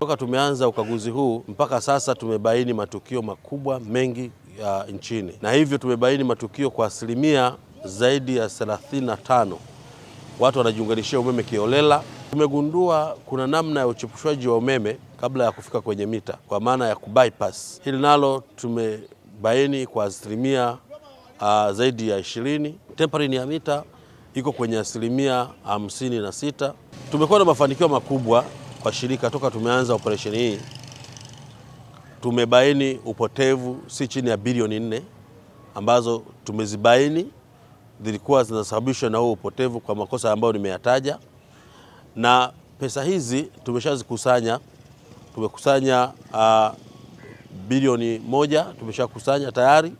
Toka tumeanza ukaguzi huu mpaka sasa tumebaini matukio makubwa mengi ya nchini, na hivyo tumebaini matukio kwa asilimia zaidi ya 35 watu wanajiunganishia umeme kiolela. Tumegundua kuna namna ya uchepushwaji wa umeme kabla ya kufika kwenye mita, kwa maana ya kubypass. Hili nalo tumebaini kwa asilimia uh, zaidi ya 20. Temporary ya mita iko kwenye asilimia 56. Tumekuwa na mafanikio makubwa kwa shirika toka tumeanza operesheni hii tumebaini upotevu si chini ya bilioni nne ambazo tumezibaini zilikuwa zinasababishwa na huo upotevu kwa makosa ambayo nimeyataja, na pesa hizi tumeshazikusanya. Tumekusanya uh, bilioni moja tumeshakusanya tayari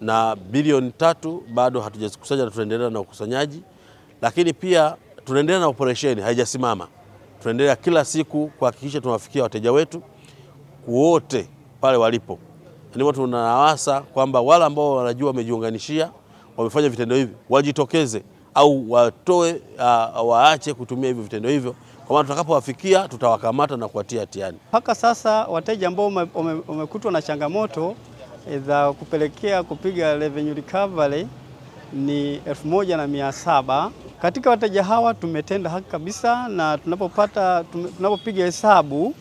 na bilioni tatu bado hatujazikusanya na tunaendelea na ukusanyaji, lakini pia tunaendelea na operesheni haijasimama tunaendelea kila siku kuhakikisha tunawafikia wateja wetu wote pale walipo. Ndipo tunawasa kwamba wale ambao wanajua wamejiunganishia, wamefanya vitendo hivyo wajitokeze au watoe uh, waache kutumia hivyo vitendo hivyo, kwa maana tutakapowafikia tutawakamata na kuwatia hatiani. Mpaka sasa wateja ambao wamekutwa na changamoto za kupelekea kupiga revenue recovery ni elfu moja na mia saba. Katika wateja hawa tumetenda haki kabisa, na tunapopata tunapopiga hesabu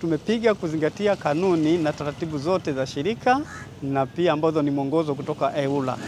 tumepiga kuzingatia kanuni na taratibu zote za shirika na pia ambazo ni mwongozo kutoka EWURA.